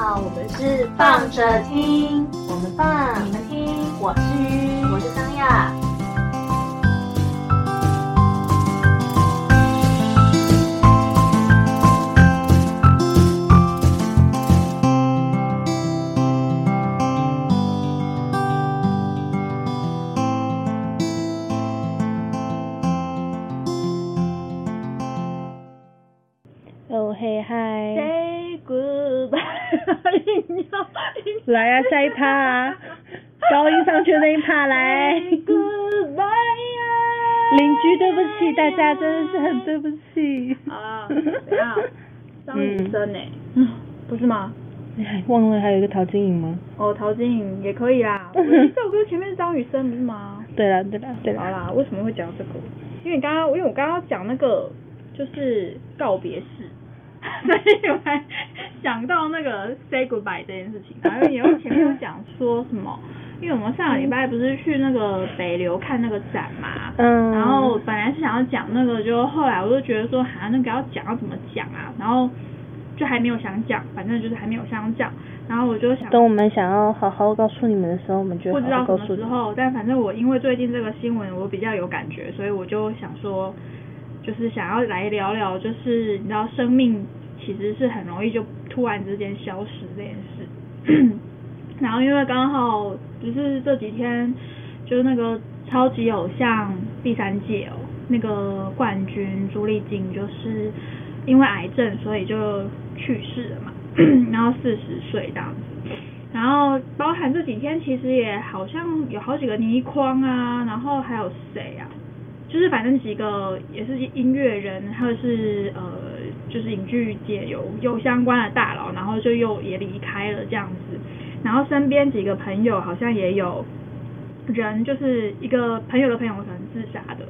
好，我們是放着聽，我們放，你們聽，我是瑜。 來啊，下一趴啊，高音上去那一趴來。Hey, goodbye 呀、欸、鄰居，對不起，欸、大家真的是很對不起。好了等一下，張雨生誒、欸，嗯，不是嗎？你忘了還有一個陶晶瑩嗎？哦，陶晶瑩也可以啊。我這首歌前面是張雨生不是嗎？對啦，對啦，對啦。好了，啦為什麼會講這個？因為剛剛，因為我剛剛講那個就是告別式，所以我還。講到那個 say goodbye 這件事情，反正也有前面有講說什麼，因為我們上個禮拜不是去那個北流看那個展嘛，嗯，然後本來是想要講那個，就後來我就覺得說，哈、啊，那個要講要怎麼講啊，然後就還沒有想講，反正就是還沒有想講，然後我就想等我們想要好好告訴你們的時候，我們就好好告訴你們，不知道什麼時候，但反正我因為最近這個新聞我比較有感覺，所以我就想說，就是想要來聊聊，就是你知道生命其實是很容易就。突然之間消失這件事，然後因為剛好就是這幾天，就是那個超級偶像第三屆哦，那個冠軍朱俐靜就是因為癌症所以就去世了嘛，然後四十歲這樣子，然後包含這幾天其實也好像有好幾個倪匡啊，然後還有誰啊，就是反正幾個也是音樂人，或者是呃。就是影劇界有有相關的大佬，然後就又也離開了這樣子，然後身邊幾個朋友好像也有人，就是一個朋友的朋友可能自殺的，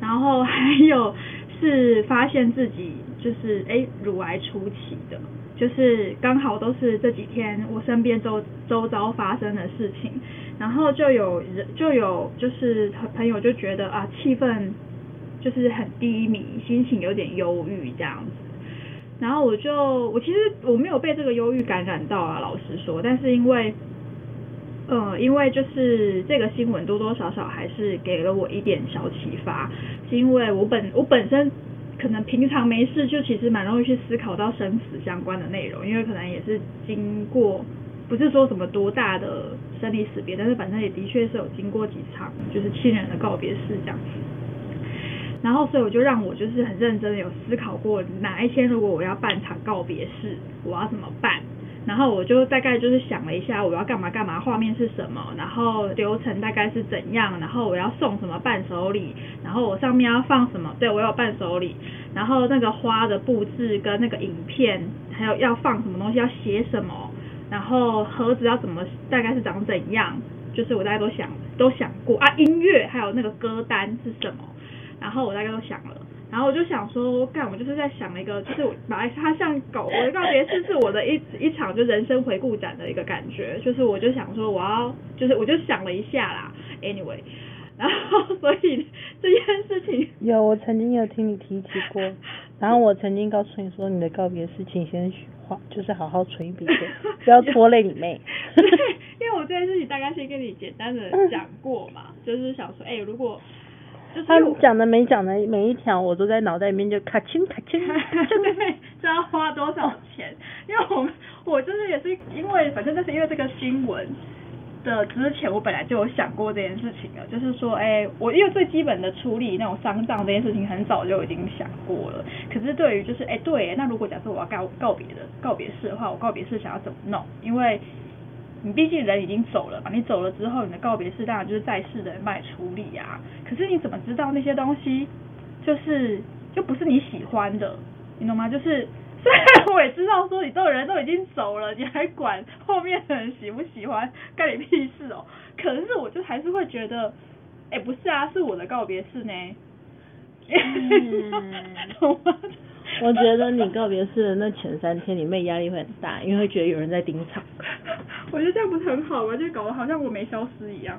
然後還有是發現自己就是哎、欸、乳癌初期的，就是剛好都是這幾天我身邊周周遭發生的事情，然後就有人就有就是朋友就覺得啊氣氛就是很低迷，心情有點憂鬱這樣子。然後我就我其實我沒有被這個憂鬱感染到啊，老實說，但是因為，呃、嗯，因為就是這個新聞多多少少還是給了我一點小啟發，是因為我本我本身可能平常沒事就其實蠻容易去思考到生死相關的內容，因為可能也是經過不是說什麼多大的生離死別，但是反正也的確是有經過幾場就是親人的告別式這樣子。然後，所以我就讓我就是很認真的有思考過，哪一天如果我要辦場告別式，我要怎麼辦？然後我就大概就是想了一下，我要幹嘛幹嘛，畫面是什麼？然後流程大概是怎樣？然後我要送什麼伴手禮？然後我上面要放什麼？對，我有伴手禮。然後那個花的布置跟那個影片，還有要放什麼東西，要寫什麼？然後盒子要怎麼？大概是長怎樣？就是我大概都想都想過啊，音樂還有那個歌單是什麼？然後我大概都想了，然後我就想說，幹，我就是在想一個，就是我本來它像狗我的告別式，是我的一一場就人生回顧展的一個感覺，就是我就想說，我要，就是我就想了一下啦，anyway，然後所以這件事情有，我曾經有聽你提起過， 然後我曾經告訴你說，你的告別式請先畫，就是好好存一筆不要拖累你妹 對，因為我這件事情大概先跟你簡單的講過嘛， 就是想說，哎、欸，如果。他講的每講的每一條，我都在腦袋裡面就咔，清，咔，清，就對，就要花多少錢。哦、因為我們我就是也是因為，反正就是因為這個新聞的之前，我本來就有想過這件事情了。就是說，哎、欸，我因為最基本的處理那種喪葬這件事情，很早就已經想過了。可是對於就是哎、欸，對，那如果假設我要告告別的告別式的話，我告別式想要怎麼弄？因為你畢竟人已經走了嘛，你走了之後，你的告別式當然就是在世的人來處理呀、啊。可是你怎麼知道那些東西就是就不是你喜歡的？你懂嗎？就是，雖然我也知道說你這人都已經走了，你還管後面的人喜不喜歡幹你屁事哦、喔。可是我就還是會覺得，哎、欸，不是啊，是我的告別式呢，嗯 我覺得你告別式那前三天，你妹壓力會很大，因為會覺得有人在盯場。我覺得這樣不是很好嗎？就搞得好像我沒消失一樣。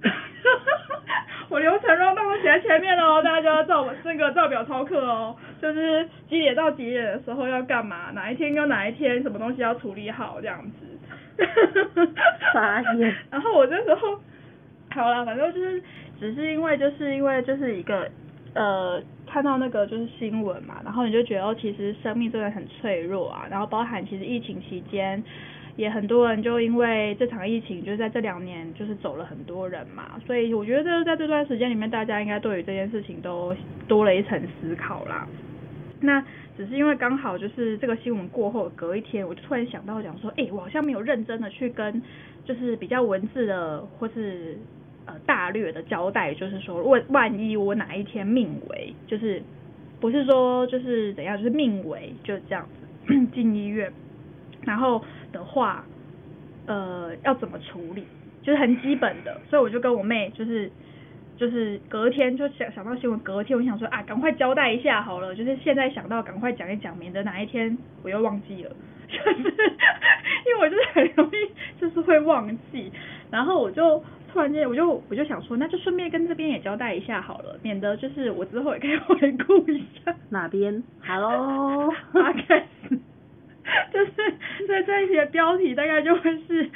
哈哈哈，我流程讓大家寫在前面哦，大家就要照那 個照表操課哦、喔，就是幾點到幾點的時候要幹嘛，哪一天跟哪一天什麼東西要處理好這樣子。哈哈哈。傻然後我這時候，好了，反正就是只是因為就是因為就是一個呃。看到那個就是新聞嘛，然後你就覺得其實生命真的很脆弱啊。然後包含其實疫情期間，也很多人就因為這場疫情，就是在這兩年就是走了很多人嘛。所以我覺得這在這段時間裡面，大家應該對於這件事情都多了一層思考啦。那只是因為剛好就是這個新聞過後隔一天，我就突然想到講說，誒、欸，我好像沒有認真的去跟就是比較文字的或是。呃，大略的交代就是說，如果萬一我哪一天命危，就是不是說就是怎樣，就是命危，就是這樣子進 醫院，然後的話，呃，要怎麼處理，就是很基本的，所以我就跟我妹就是就是隔天就想想到新聞，隔天我想說啊，趕快交代一下好了，就是現在想到趕快講一講，免得哪一天我又忘記了，就是因為我就是很容易就是會忘記，然後我就。突然間，我就我就想說，那就順便跟這邊也交代一下好了，免得就是我之後也可以回顧一下哪邊。Hello， 就是、大概就是這這一集的標題，大概就會是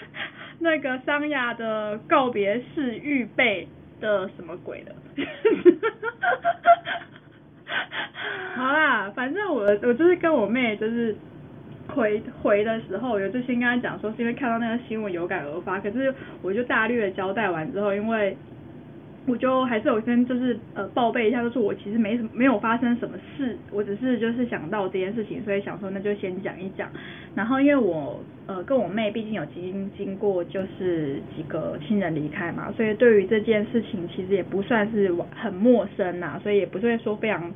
那個桑雅的告別式預備的什麼鬼的。 好啦，反正我我就是跟我妹就是。回回的時候，我就先跟他講說，是因為看到那個新聞有感而發。可是我就大略的交代完之後，因為我就還是有先就是呃報備一下，就是我其實沒什麼沒有發生什麼事，我只是就是想到這件事情，所以想說那就先講一講。然後因為我呃跟我妹畢竟有經經過就是幾個親人離開嘛，所以對於這件事情其實也不算是很陌生吶、啊，所以也不會說非常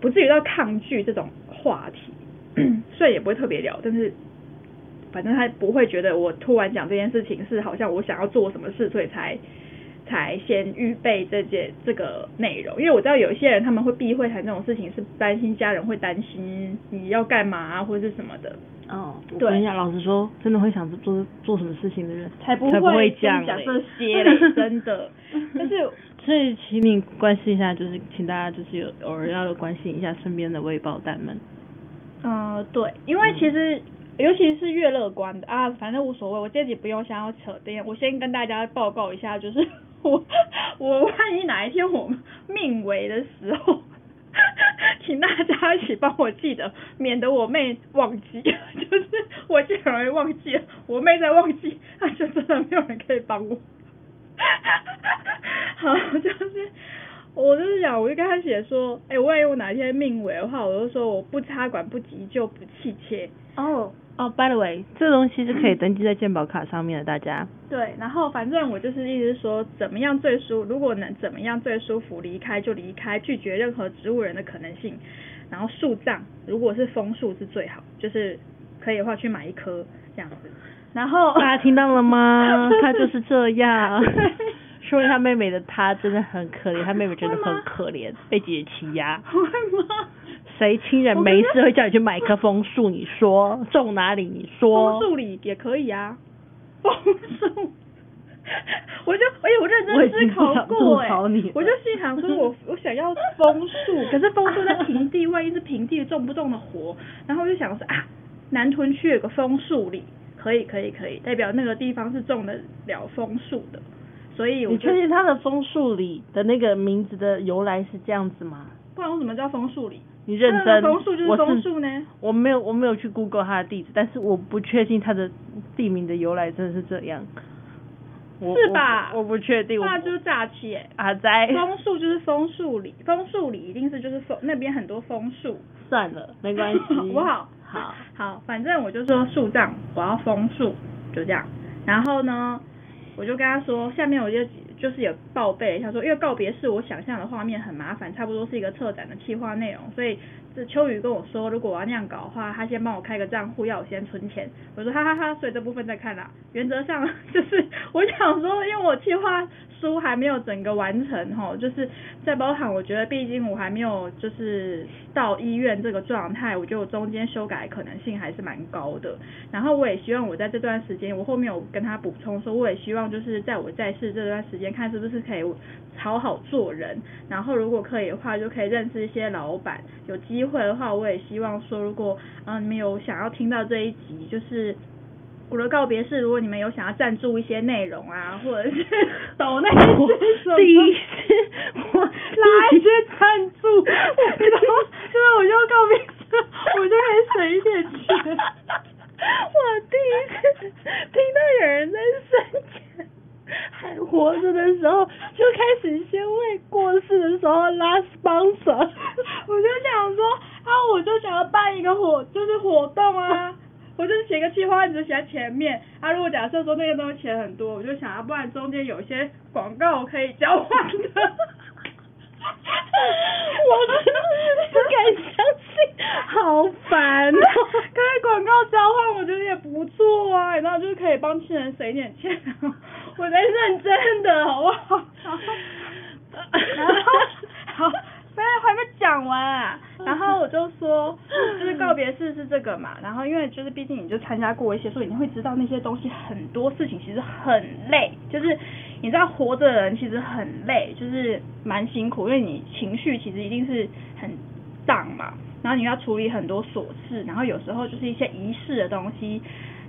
不至於到抗拒這種話題。雖然 也不會特別聊，但是反正他不會覺得我突然講這件事情是好像我想要做什麼事，所以才才先預備這件這個內容。因為我知道有一些人他們會避諱談這種事情，是擔心家人會擔心你要幹嘛啊，或者是什麼的。哦，oh, 對。跟你老實說，真的會想做做做什麼事情的人，才不會講這些嘞，真的。但是 所以，請你關心一下，就是請大家就是有偶爾要關心一下身邊的微寶單們。嗯，對，因為其實、嗯、尤其是越樂，樂觀的啊，反正無所謂，我自己不用想要扯淡。我先跟大家報告一下，就是我我萬一哪一天我命危的時候，請大家一起幫我記得，免得我妹忘記，就是我竟然忘記，我妹再忘記，那、啊、就真的沒有人可以幫我，好就是。我就是想，我就跟他寫說，哎、欸，萬一我哪天命尾命危的話，我就說我不插管、不急救、不氣切。哦。哦，By the way，這個東西是可以登記在健保卡上面的，大家。 對，然後反正我就是一直說怎麼樣最舒，如果能怎麼樣最舒服離開就離開，拒絕任何植物人的可能性。然後樹葬，如果是楓樹是最好，就是可以的話去買一棵這樣子。然後。大、啊、家聽到了嗎？他 就是這樣。 說他妹妹的他真的很可憐，他妹妹真的很可憐，嗎被姐姐欺壓。誰親嗎人沒事會叫你去買棵楓樹？你說種哪裡？你說楓樹里也可以啊。楓樹，我就哎、欸，我認真思考過哎、欸。我，我就心想說我，我我想要楓樹， 可是楓樹在平地，萬一是平地種不種得活？然後我就想說啊，南屯區有個楓樹里，可以可以可以，代表那個地方是種得了楓樹的。所以我，你確定他的楓樹里的那個名字的由來是這樣子嗎？不然為什麼叫楓樹里？你認真，楓樹就是楓樹呢我？我沒有，我沒有去 Google 它的地址，但是我不確定它的地名的由來真的是這樣。是吧？我，我不確定。哇，那就是詐欺耶、欸！阿仔、啊哉，楓樹就是楓樹里，楓樹里一定是就是楓那邊很多楓樹。算了，沒關係，好不 好？好，好，反正我就是、說樹葬，我要楓樹，就這樣。然後呢？我就跟他說，下面我就就是也報備一下，他說，因為告別式我想象的畫面很麻煩，差不多是一個策展的企劃內容，所以這秋雨跟我說，如果我要那樣搞的話，他先幫我開個賬戶，要我先存錢。我說哈哈哈，所以這部分再看啦、啊。原則上就是我想說，因為我企劃。書還沒有整個完成哈，就是在包含我覺得，畢竟我還沒有就是到醫院這個狀態，我覺得我中間修改可能性還是蠻高的。然後我也希望我在這段時間，我後面有跟他補充說，我也希望就是在我在世這段時間，看是不是可以好好做人。然後如果可以的話，就可以認識一些老闆。有機會的話，我也希望說，如果嗯你們有想要聽到這一集，就是。我的告別是，如果你們有想要贊助一些內容啊，或者是抖那些第一次我拉，一些贊助，我就都， 就是我就告別，我就開始省一點錢。 我第一次聽到有人在生前還活着的時候就開始先為過世的時候拉 sponsor，我就想說，啊，我就想要辦一個活，就是活動啊。我就是寫個企劃，一直寫在前面。啊，如果假設說那個東西錢很多，我就想啊，不然中間有一些廣告我可以交換的。 我都不敢相信，好煩哦、喔！剛才廣告交換我覺得也不錯啊，然後就是可以幫親人省一點錢。 我在認真的，好不好？好。啊 好哎，還沒講完啊！然後我就說，就是告別式是這個嘛。然後因為就是畢竟你就參加過一些，所以你會知道那些東西。很多事情其實很累，就是你知道活着的人其實很累，就是蠻辛苦，因為你情緒其實一定是很蕩嘛。然後你要處理很多瑣事，然後有時候就是一些儀式的東西，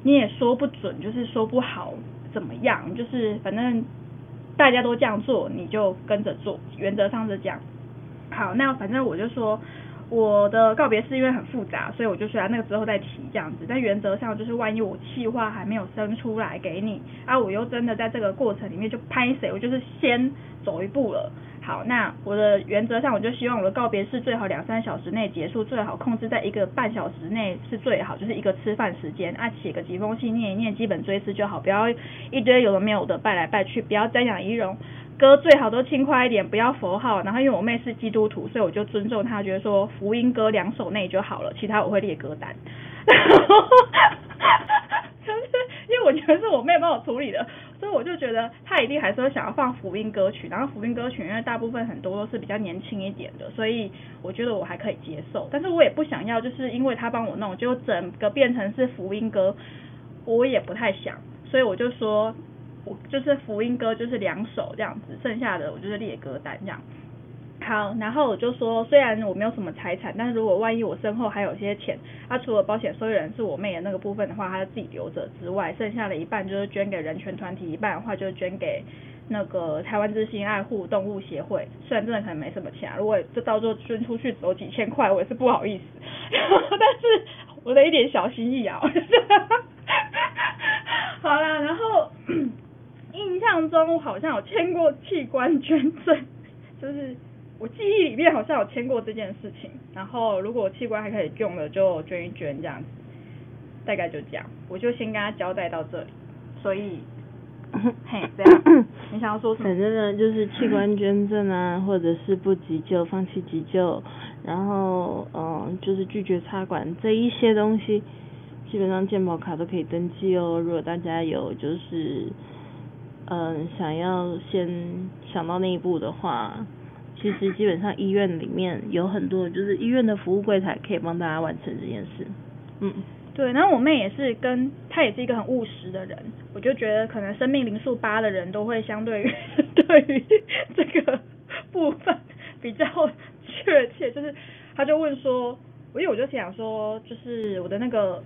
你也說不準，就是說不好怎麼樣，就是反正大家都這樣做，你就跟着做。原則上是這樣。好，那反正我就說，我的告別式因為很複雜，所以我就說、啊、那個之後再提這樣子。但原則上就是，萬一我企劃，還沒有生出來給你，啊，我又真的在這個過程裡面就拍誰，我就是先走一步了。好，那我的原則上，我就希望我的告別式最好兩三小時內結束，最好控制在一個半小時內是最好，就是一個吃飯時間啊，寫個幾封信念一念，基本追思就好，不要一堆有的沒有的拜來拜去，不要瞻仰儀容。歌最好都輕快一點，不要佛號。然後，因為我妹是基督徒，所以我就尊重她，覺得說福音歌兩首內就好了。其他我會列歌單。哈哈哈，因為我覺得是我妹幫我處理的，所以我就覺得她一定還是想要放福音歌曲。然後福音歌曲因為大部分很多都是比較年輕一點的，所以我覺得我還可以接受。但是我也不想要，就是因為她幫我弄，就整個變成是福音歌，我也不太想。所以我就說。就是福音歌，就是兩首這樣子，剩下的我就是列歌單這樣。好，然後我就說，雖然我沒有什麼財產，但是如果萬一我身後還有一些錢，啊，除了保險所有人是我妹的那個部分的話，他就自己留着之外，剩下的一半就是捐給人權團體，一半的話就是捐給那個台灣之心愛護動物協會。雖然真的可能沒什麼錢，啊，如果這到時候捐出去只有幾千塊，我也是不好意思， 但是我的一點小心意啊。 好啦，然後。印象中我好像有簽過器官捐贈，就是我記憶裡面好像有簽過這件事情。然後如果器官還可以用了，就捐一捐這樣子，大概就這樣，我就先跟他交代到這裡。所以， 嘿，這樣， 你想要說什麼？反正呢，就是器官捐贈啊，或者是不急救、放棄急救，然後嗯，就是拒絕插管這一些東西，基本上健保卡都可以登記哦。如果大家有就是。嗯，想要先想到那一步的話，其實基本上醫院裡面有很多，就是醫院的服務櫃台可以幫大家完成這件事。嗯，對。然後我妹也是跟，跟她也是一個很務實的人，我就覺得可能生命靈數八的人都會相對於對於這個部分比較確切，就是他就問說。所以我就想說，就是我的那個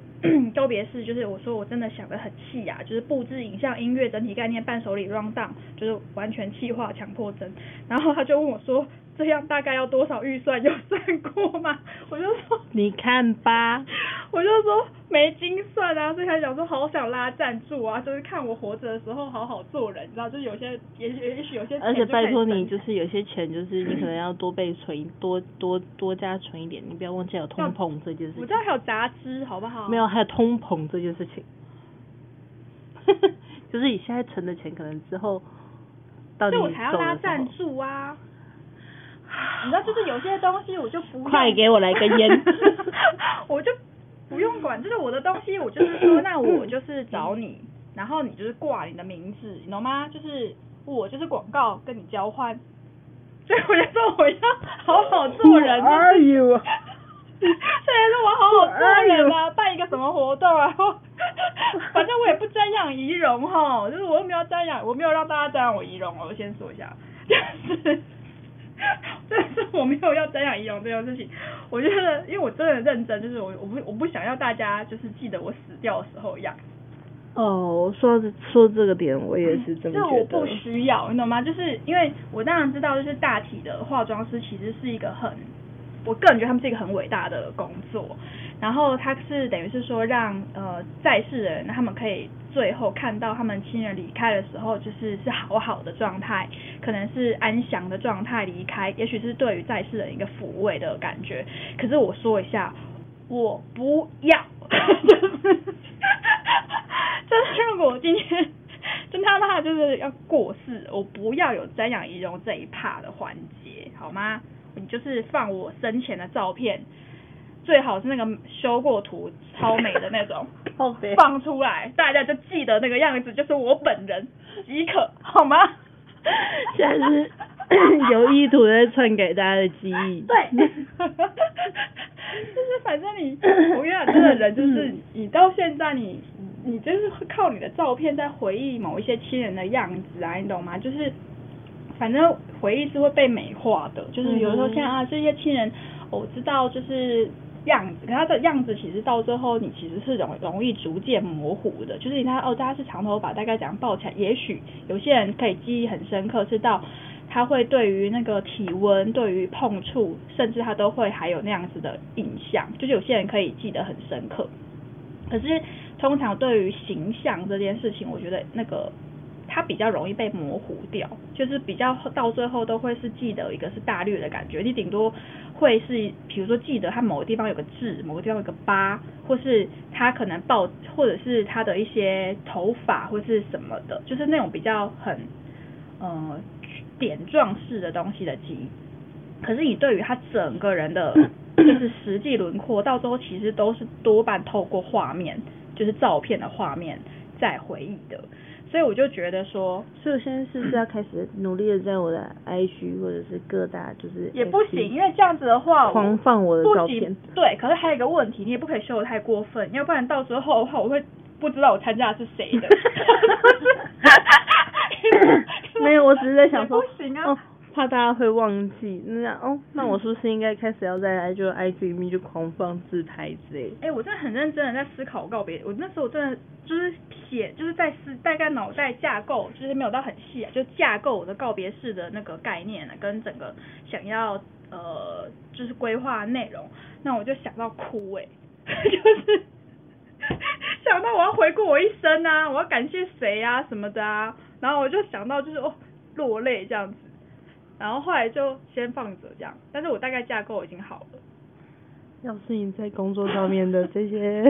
告別式， 是就是我說我真的想得很細啊，就是布置影像、音樂、整體概念、伴手禮、run down，就是完全細化強迫症。然後他就問我說。這樣大概要多少預算？有算過嗎？我就說你看吧，我就說沒精算啊。所以才想說，好想拉贊助啊！就是看我活着的時候，好好做人，你知道？就是有些，也許也許有些。而且拜托你，就是有些錢，就是你可能要多備存多多多加存一點，你不要忘記有通膨這件事情。我知道還有雜支，好不好？沒有，還有通膨這件事情。 就是你現在存的錢，可能之後，到底？所以我才要拉贊助啊。你知道，就是有些東西我就不用管，我就不用管，就是我的東西我就是說，那我就是找你，然後你就是掛你的名字，你懂嗎？就是我就是廣告跟你交換，所以我，我好好就是、are 說我要好好做人。雖然說我好好做人啊，辦一個什麼活動啊？然後 反正我也不瞻仰儀容哈，就是我又沒有瞻仰，我沒有讓大家瞻仰我儀容，我先說一下，就是。但 是我沒有要瞻仰遺容這件事情，我覺得因為我真的認真，就是我我不我不想要大家就是記得我死掉的時候一樣。哦，說這說這個點，我也是真的覺得。嗯，這我不需要，你懂嗎？就是因為我當然知道，就是大體的化妝師其實是一個很。我個人覺得他們是一個很偉大的工作，然後他是等於是說讓呃在世的人他們可以最後看到他們親人離開的時候，就是是好好的狀態，可能是安詳的狀態離開，也許是對於在世的人一個撫慰的感覺。可是我說一下，我不要，真的，如果我今天真他媽，就，大大的就是要過世，我不要有瞻仰遺容這一 part 的環節，好嗎？你就是放我生前的照片，最好是那個修過圖、超美的那種， 別放出來，大家就記得那個樣子，就是我本人即可，好嗎？現在是 有意圖的存給大家的記憶。對， 就是反正你，我跟你講這個人就是， 你到現在你，你就是靠你的照片在回憶某一些親人的樣子啊，你懂嗎？就是。反正回憶是會被美化的，就是有時候像啊、嗯、哼這些親人，我、哦、知道就是樣子，他的樣子其實到最後你其實是容容易逐漸模糊的。就是你看哦，他是長頭髮，大概怎樣，抱起來？也許有些人可以記憶很深刻，是到他會對於那個體溫、對於碰觸，甚至他都會還有那樣子的印象。就是有些人可以記得很深刻，可是通常對於形象這件事情，我覺得那個。它比較容易被模糊掉，就是比較到最後都會是記得一個是大略的感覺，你頂多會是比如說記得他某個地方有個痣，某個地方有個疤，或是他可能抱，或者是他的一些頭髮或是什麼的，就是那種比較很呃，點狀式的東西的記憶。可是你對於他整個人的就是實際輪廓， 到最後其實都是多半透過畫面，就是照片的畫面在回憶的。所以我就覺得說，所以我現在是不是要開始努力的在我的 IG 或者是各大就是，也不行，因為這樣子的話狂放我的照片對。可是還有一個問題，你也不可以修的太過分，要不然到時候的話，我會不知道我參加的是誰的。沒有，我只是在想說不行啊。哦怕大家會忘記，那哦，那我是不是應該開始要在就 IG 上就狂放自拍之類？哎、欸，我真的很認真的在思考告別，我那時候我真的就是寫，就是在思大概腦袋架構，就是沒有到很細，啊，就架構我的告別式的那個概念，啊、跟整個想要呃就是規劃內容，那我就想到哭誒、欸，就是想到我要回顧我一生啊，我要感謝誰啊什麼的啊，然後我就想到就是哦落淚這樣子。然後後來就先放着這樣，但是我大概架構已經好了。要是你在工作上面的這些，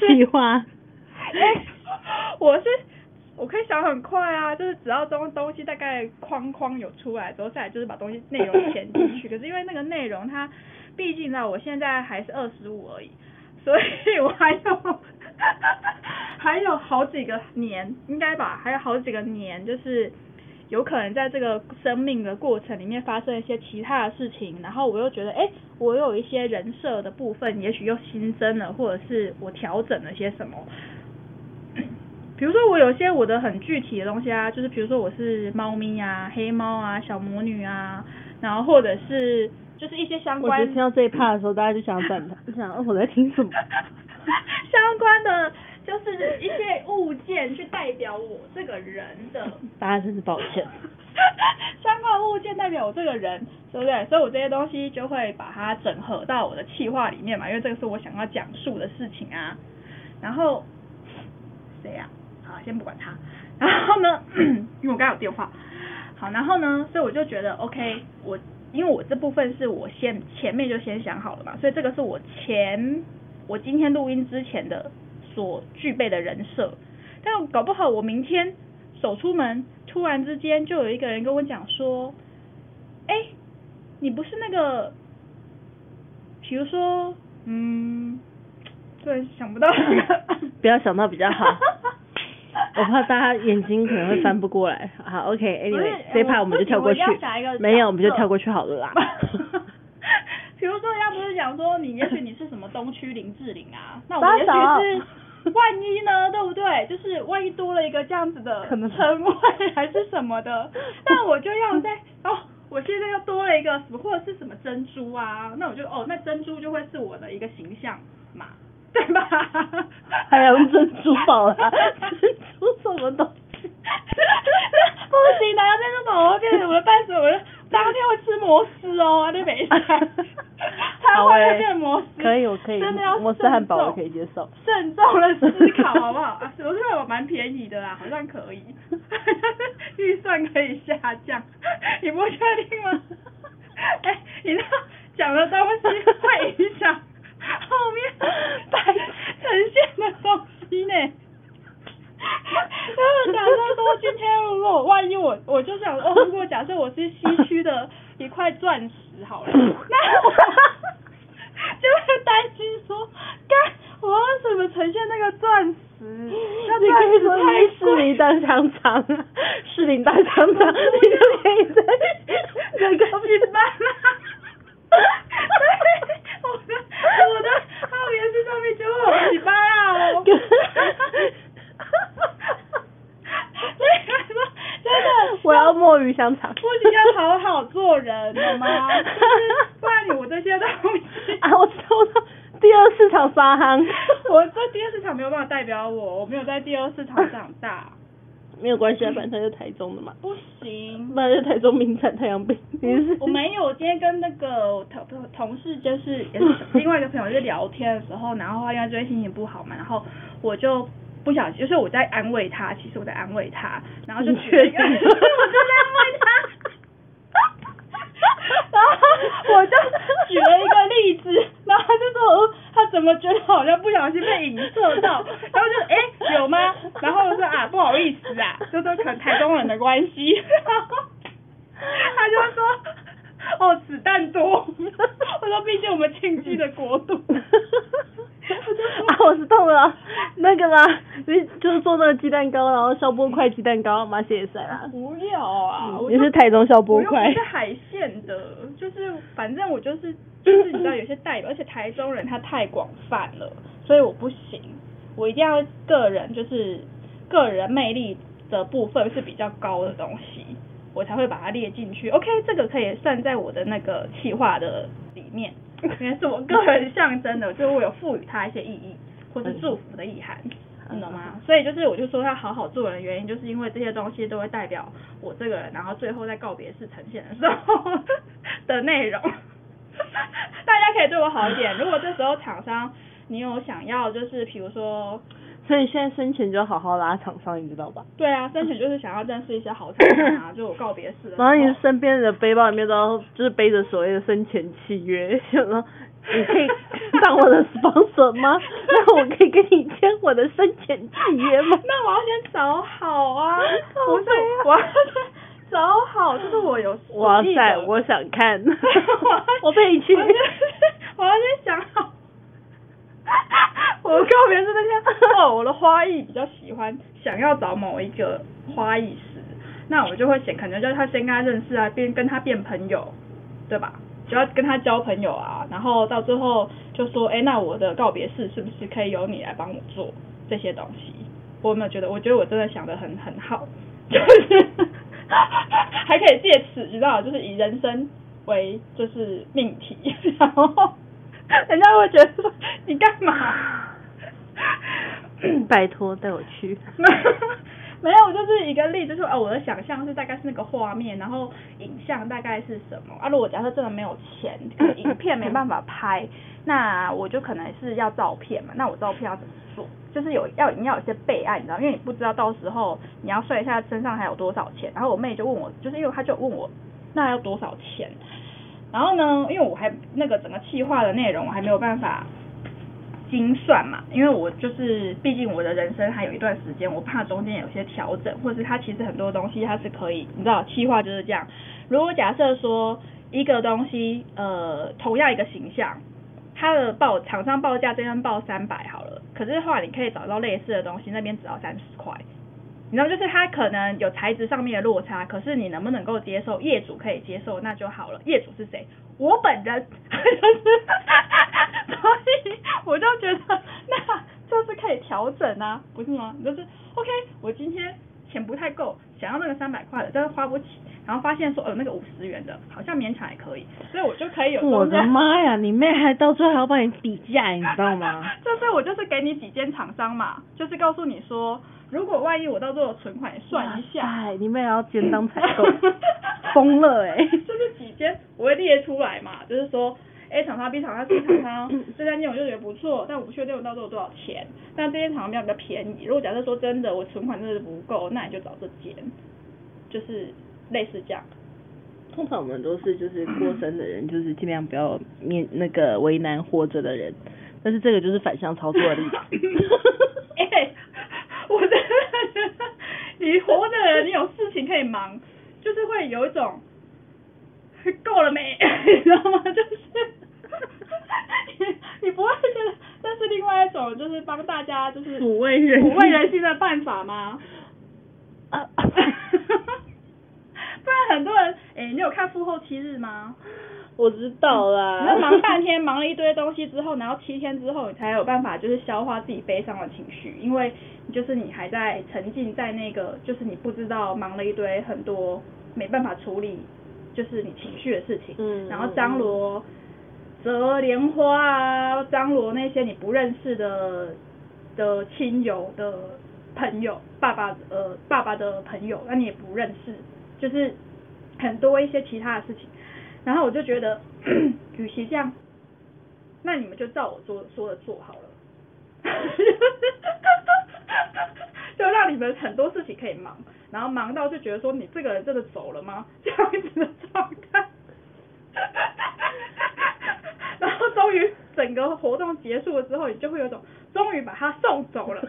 企劃。我是，我可以想很快啊，就是只要這東西大概框框有出來之後，再來就是把東西內容填進去。 可是因為那個內容它，畢竟呢，我現在還是二十五而已，所以我還有， 還有好幾個年應該吧，還有好幾個年就是。有可能在這個生命的過程裡面發生一些其他的事情，然後我又覺得，哎、欸，我有一些人設的部分，也許又新增了，或者是我調整了些什麼。比如說，我有些我的很具體的東西啊，就是比如說我是貓咪呀、啊，黑貓啊，小魔女啊，然後或者是就是一些相關。我覺得聽到這一 part 的時候，大家就想等，就想 我在聽什麼？相關的。就是一些物件去代表我這個人的。大家真是抱歉，相關的 物件代表我這個人，對不對？所以我這些東西就會把它整合到我的企劃裡面嘛，因為這個是我想要講述的事情啊。然後誰呀、啊？好，先不管它。然後呢，因為我剛才有電話，好，然後呢，所以我就覺得，OK，我因為我這部分是我先前面就先想好了嘛，所以這個是我前我今天錄音之前的。所具備的人設，但搞不好我明天走出門，突然之間就有一個人跟我講說，哎、欸，你不是那個，比如說，嗯，對，想不到，不要想到比較好， 我怕大家眼睛可能會翻不過來。好，OK，Anyway，、okay, 最怕是我們就跳過去，不要一個沒有我們就跳過去好了啦。比 如說要不是講說你，也許你是什麼東區林志玲啊，那我也許是。萬一呢，對不對？就是萬一多了一個這樣子的稱謂還是什麼的，麼那我就要再哦，我現在又多了一個什麼或者是什麼珍珠啊，那我就哦，那珍珠就會是我的一個形象嘛，對吧？還有珍珠寶了、啊，珍珠 什麼東西？不行，大家真的懂嗎？今天我們幹什麼了？當天會吃摩斯哦，你沒事。他要、 欸、會變摩斯。可以，我可以。真的要慎重吃我可以接受，慎重的思考好不好？啊，是不是我蠻便宜的啦，好像可以。預 算可以下降，你不確定嗎？哎、欸，你講的東西會影響後面在呈現的東西呢。他們假設說今天如果萬一我我就想說、哦、如果假設我是西。 塊鑽石好了，那我就會擔心說，該我怎麼呈現那個鑽石？那鑽石太士林大香腸啊，士林大香腸。市場長大、啊啊，沒有關係啊，反正他是台中的嘛。 不行，那就台中名產太陽餅。 我沒有，我今天跟那個同同同事就是也是另外一個朋友在聊天的時候，然後他因為最近心情不好嘛，然後我就不小心，就是我在安慰他，其實我在安慰他，然後就覺一個，我就在安慰他， 然後我就舉了一個例子，然後他就說，我說。我。他怎麼覺得好像不小心被影射到？然後就哎、欸、有嗎？然後就說，啊不好意思啊，就說可能台中人的關係。他就說，哦子彈多，我說畢竟我們槍擊的國度。嗯、啊我是痛了那個啦，你就是做那個雞蛋糕，然後蕭波塊雞蛋糕，馬先生不要啊！也、嗯、就是台中蕭波塊？是海鮮的，就是反正我就是。就是你知道有些代表，而且台中人他太廣泛了，所以我不行，我一定要個人就是個人魅力的部分是比較高的東西，我才會把它列進去。OK，這個可以算在我的那個企劃的裡面，應該是我個人象徵的，就我有賦予它一些意義或者祝福的意涵，嗯，你懂嗎？所以就是我就說要好好做人的原因就是因為這些東西都會代表我這個人，然後最後在告別式呈現的時候的內容。可以對我好一點。如果這時候廠商，你有想要，就是比如說，所以現在生前就好好拉廠商，你知道吧？對啊，生前就是想要認識一些好廠商啊，就有告別式。然後你身邊的背包裡面都就是背着所謂的生前契約，行嗎，你可以當我的 sponsor 嗎？ 那我可以跟你簽我的生前契約嗎？ 那我要先找好啊，不是想，我,想我要先。 找好，就是我有。哇塞，我想看。 我，我被你欺騙。我要先想好，我告別式那天，哦，我的花藝比較喜歡，想要找某一個花藝師，那我就會想，可能就是他先跟他認識啊，變跟他變朋友，對吧？就要跟他交朋友啊，然後到最後就說，哎、欸，那我的告別式是不是可以由你來幫我做這些東西？我有沒有覺得，我覺得我真的想得很很好，就是。 還可以借此，你知道，就是以人生為就是命題，然後人家會覺得說，你幹嘛？拜托，帶我去。 沒有，就是一個例子說，說哦，我的想象是大概是那個畫面，然後影像大概是什麼啊？如果假設真的沒有錢，這個、影片沒辦法拍，那我就可能是要照片嘛？那我照片要怎麼做？就是有要你要有一些備案，你知道？因為你不知道到時候你要算一下身上還有多少錢。然後我妹就問我，就是因為她就問我那還有多少錢？然後呢，因為我還那個整個企劃的內容我還沒有辦法。精算嘛，因為我就是，畢竟我的人生還有一段時間，我怕中間有些調整，或是它其實很多東西它是可以，你知道，企劃就是這樣。如果假設說一個東西，呃，同樣一個形象，它的報廠商報價這邊報三百好了，可是後來你可以找到類似的東西，那邊只要三十塊，你知道，就是它可能有材質上面的落差，可是你能不能夠接受，業主可以接受那就好了，業主是誰？我本人， 就是、 所以我就覺得那就是可以調整啊，不是嗎？就是 OK，我今天錢不太夠，想要那個三百塊的，但是花不起，然後發現說哦、呃，那個五十元的，好像勉強也可以，所以我就可以有。我的媽呀！你妹，還到最後還要幫你比價，你知道嗎？ 就是我就是給你幾間廠商嘛，就是告訴你說。如果萬一我到時候有存款，算一下。哎，你們也要兼當採購，瘋、嗯、 了哎、欸！就是幾間，我會列出來嘛，就是說 A 廠商、B 廠商、C 廠商，咳咳咳這三間我就覺得不錯，但我不確定我到時候有多少錢。但這些廠商比較便宜。如果假設說真的，我存款真的不夠，那你就找這間，就是類似這樣。通常我們都是就是往生的人，嗯、就是盡量不要面那個為難活着的人。但是這個就是反向操作的例子。哎、欸，我在。 你活着的人，你有事情可以忙， 就是會有一種夠了沒， 你知道嗎？就是你，你不會覺得，這是另外一種，就是幫大家，就是撫慰人、撫慰人心的辦法嗎？ 啊 不然很多人，哎、欸，你有看《父後七日》嗎？我知道啦。那忙半天，忙了一堆東西之後，然後七天之後，你才有辦法就是消化自己悲傷的情緒，因為就是你還在沉浸在那個，就是你不知道忙了一堆很多沒辦法處理，就是你情緒的事情。嗯。然後張羅，折蓮花啊，張羅那些你不認識的的親友的朋友，爸爸呃，爸爸的朋友，那你也不認識。就是很多一些其他的事情，然後我就覺得，與其這樣，那你們就照我說說的做好了， 就讓你們很多事情可以忙，然後忙到就覺得說你這個人真的走了嗎？就只能這樣的狀態， 然後終於整個活動結束了之後，你就會有種終於把他送走了， 我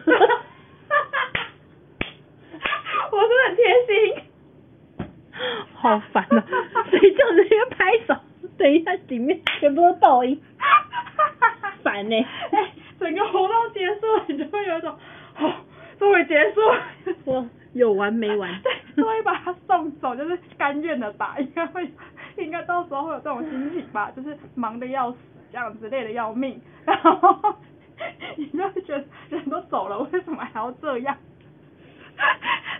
是很貼心。好煩吶！誰、哦、叫人家拍手？等一下，裡面全部都倒影，煩嘞、欸！哎、欸，整個活動結束了，你就會有一種，哦，終於結束，我有完沒完？對，終於把他送走，就是甘願的打，應該會，應該到時候會有這種心情吧？就是忙得要死，這樣子累得要命，然後你就覺得人都走了，為什麼還要這樣？嗯、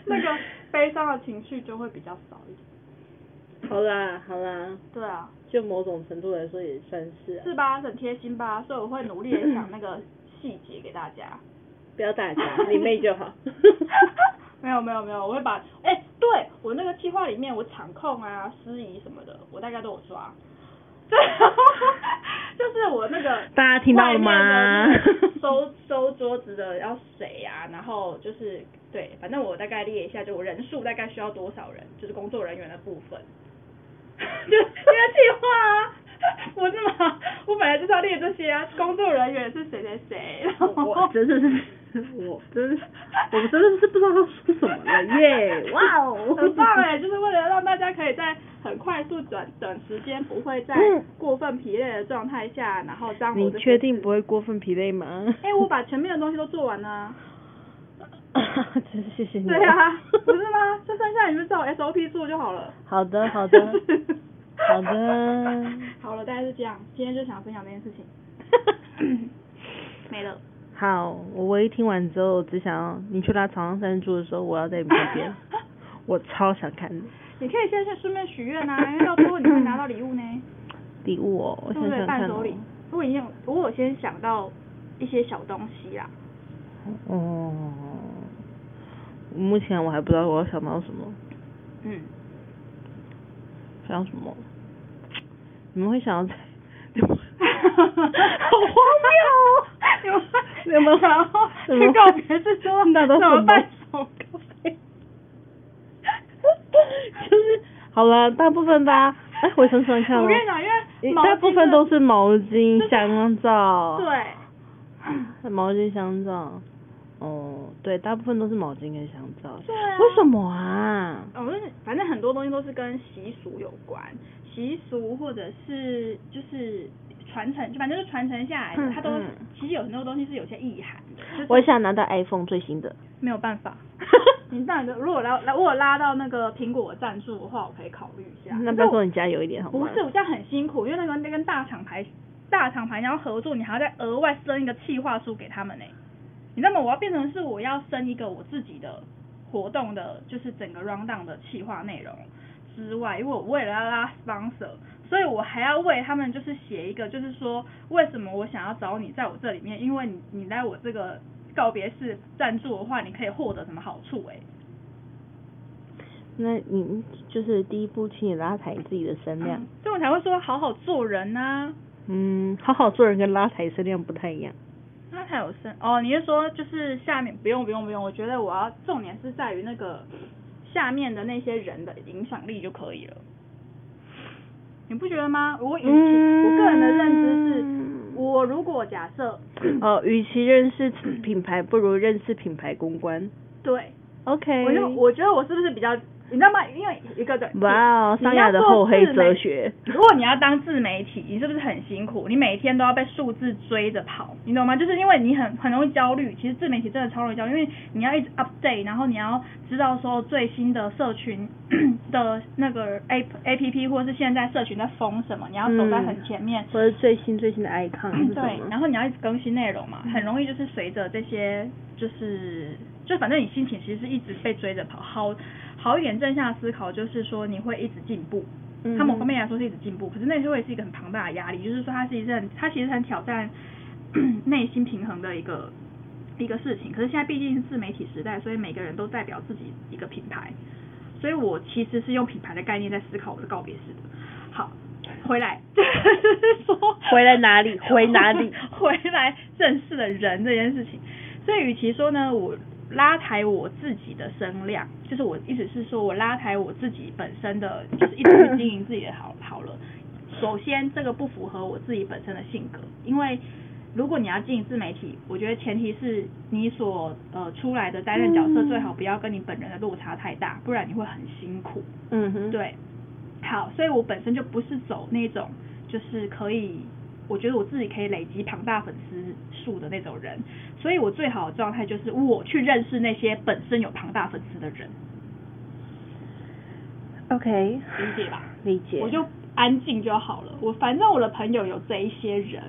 那個。悲傷的情緒就會比較少一點。好啦，好啦。對啊，就某種程度來說也算是啊。是吧？很貼心吧，所以我會努力講那個細節給大家。 不要大家， 你妹就好。 沒有沒有沒有，我會把，哎、欸，對我那個計劃裡面，我場控啊、司儀什麼的，我大概都有刷對，就 就是我那個大家聽到了嗎？收 收桌子的要誰啊？然後就是。對，反正我大概列一下，就我人數大概需要多少人，就是工作人員的部分， 就要計劃啊！我怎麼，我本來就是要列這些啊，工作人員是誰誰誰。我真的是，我真是，我們真的是不知道他說什麼耶！哇、yeah, 哦、wow，很棒哎、欸，就是為了讓大家可以在很快速短短時間，不會在過分疲累的狀態下，然後讓我。你確定不會過分疲累嗎？哎、 欸，我把前面的東西都做完了。哈哈、啊，真是謝謝你。對呀、啊，不是嗎？就剩下你們照 S O P 做就好了。好的，好的， 好的。 好了，大概是這樣。今天就想分享這件事情。哈 沒了。好，我唯一聽完之後，我只想你去拉長山住的時候，我要在你那邊。 我超想看。你可以先去順便許願吶，因為到時候你會拿到禮物呢。禮物哦，我想想看、哦、伴手禮。我已經，我我先想到一些小東西啦。哦。目前我還不知道我要想到什麼。嗯。想要什麼？你們會想到在。哈哈哈！好荒謬哦！你們後你們會去告別式桌子上怎麼帶手稿？ 就是好了，大部分吧。哎，我想想看了。我跟你講，因為、欸、大部分都是毛巾、這香皂。對。 毛巾、香皂。哦，對，大部分都是毛巾跟香皂。對啊。為什麼啊？哦，就是，反正很多東西都是跟習俗有關，習俗或者是就是傳承，就反正就傳承下來的，嗯嗯，它都其實有很多東西是有些意涵的，就是，我想拿到 iPhone 最新的。沒有辦法。 你當然，如果拉，如果拉到那個蘋果的贊助的話，我可以考慮一下。那不要說你家有一點好嗎？不是，我現在很辛苦，因為那個你跟大廠牌、大廠牌你要合作，你還要再額外寫一個企劃書給他們呢。你知道嗎？我要變成是我要生一個我自己的活動的，就是整個 rundown 的企劃內容之外，因為我為了要拉 sponsor 所以我還要為他們就是寫一個，就是說為什麼我想要找你在我這裡面，因為你你在我這個告別式贊助的話，你可以獲得什麼好處？欸？哎，那你就是第一步，去拉抬自己的聲量，所以、嗯、我才會說好好做人吶、啊。嗯，好好做人跟拉抬聲量不太一樣。那還有聲哦，你是說就是下面不用不用不用，我覺得我要重點是在於那個下面的那些人的影響力就可以了，你不覺得嗎？我與其我個人的認知是，我如果假設呃，與其認識品牌，不如認識品牌公關。對，OK。我就我覺得我是不是比較。你知道嗎？因為一個個哇，Sunya 的厚黑哲學。如果你要當自媒體，你是不是很辛苦？你每一天都要被數字追着跑，你懂嗎？就是因為你很很容易焦慮。其實自媒體真的超容易焦慮，因為你要一直 update，然後你要知道說最新的社群的那個 APP 或者是現在社群在封什麼，你要走在很前面。或者、嗯、最新最新的 icon 是什麼？對，然後你要一直更新內容嘛，很容易就是隨着這些，就是就反正你心情其實是一直被追着跑，好。好一點正向思考就是說你會一直進步，嗯、他某方面來說是一直進步，可是那時候會是一個很龐大的壓力，就是說它是一陣，它其實很挑戰內心平衡的一個一個事情。可是現在畢竟是自媒體時代，所以每個人都代表自己一個品牌，所以我其實是用品牌的概念在思考我的告別式的。好，回來就是說回來哪裡？回哪裡？ 回來正視了人這件事情。所以與其說呢，我。拉抬我自己的聲量，就是我意思是說，我拉抬我自己本身的就是一直去經營自己的好好了。首先，這個不符合我自己本身的性格，因為如果你要經營自媒體，我覺得前提是你所呃出來的擔任角色最好不要跟你本人的落差太大，不然你會很辛苦。嗯哼，對。好，所以我本身就不是走那種就是可以。我覺得我自己可以累積龐大粉絲數的那種人，所以我最好的狀態就是我去認識那些本身有龐大粉絲的人。OK，理解吧？理解。我就安靜就好了。我反正我的朋友有這一些人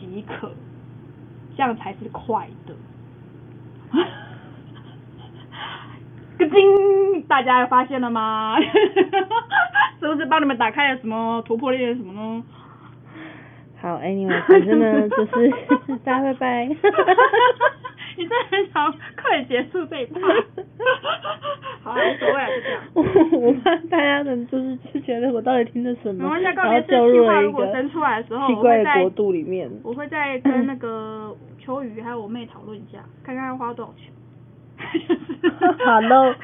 即可，這樣才是快的。咯。 大家有發現了嗎？ 是不是幫你們打開了什麼、突破了什麼呢？好，Anyway，反正呢，就是 大家拜拜。 你真的很想快結束這一趴。好，無、 哎、所謂就這樣我。我怕大家能就是之前，覺得我到底聽的什麼？告別式然後進入如果個出來的時候，我會在，我會再跟那個秋雨還有我妹討論一下， 看看要花多少錢。 Hello，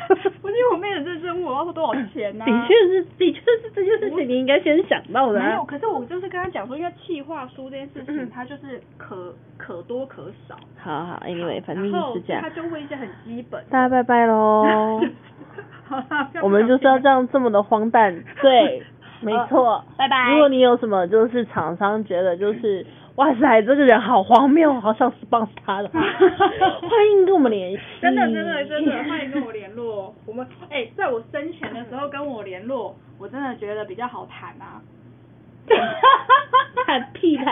我妹的這任務，我要付多少錢呢、啊？的確是，的確是這件事情我你應該先想到的、啊。沒有，可是我就是跟他講說，因為企劃書這件事情，嗯、它就是可可多可少。好好，Anyway，反正就是這樣。他就會一些很基本。大家拜拜嘍！ 不要不要我們就是要這樣這麼的荒誕， 對，沒錯。拜拜！如果你有什麼，就是廠商覺得就是。哇塞，這個人好荒謬，好像是幫他的。 歡迎跟我們聯繫。 真的真的真的，真的耶歡迎跟我聯絡。我們哎，欸、在我生前的時候跟我聯絡，嗯、我真的覺得比較好談啊。哈哈哈哈哈！談屁談，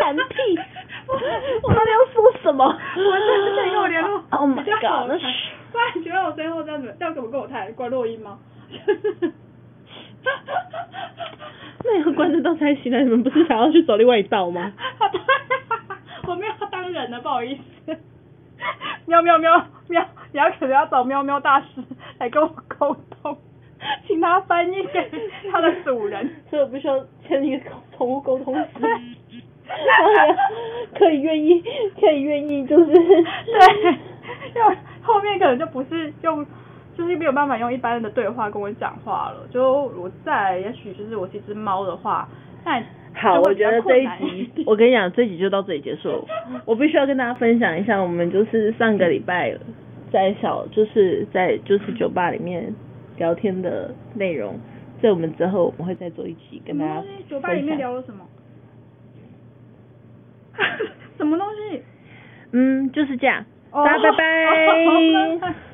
談屁！我到底要說什麼？我真的真的要聯絡比較好，oh、我好的談。哇！你居然在我身後這樣子，要怎麼跟我談？關錄音嗎？ 哈哈哈， 那要關着倒才行啊！你們不是想要去走另外一道嗎？哈哈哈哈哈，我沒有當人呢，不好意思。喵喵喵喵，你要可能要找喵喵大師來跟我溝通，請他翻譯給他的主人。所以我必須要簽一個寵物溝通師。 可以願意，可以願意，就是 對，因為後面可能就不是用。就是沒有辦法用一般的對話跟我講話了。就我在，也許就是我是一隻貓的話，那就會比較困難一點。好，我覺得這一集，我跟你講，這一集就到這裡結束了。 我必須要跟大家分享一下，我們就是上個禮拜了在小就是在就是酒吧裡面聊天的內容。在我們之後，我們會再做一期跟大家分享。是酒吧裡面聊了什麼？ 什麼東西？嗯，就是這樣。大家拜拜。